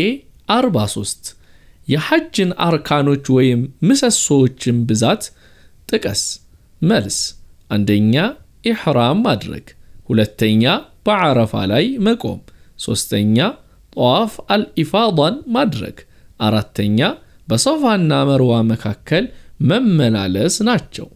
ኤ 43 የሐጅን አርካኖች ወይም ምሰሶዎችን ብዛት ጥቀስ። መልስ አንደኛ ኢሕራም ማድረግ፣ ሁለተኛ በዓረፋ ላይ መቆም፣ ሦስተኛ ጠዋፍ አልኢፋዳን ማድረግ፣ አራተኛ በሶፋና መርዋ መካከል መመላለስ ናቸው።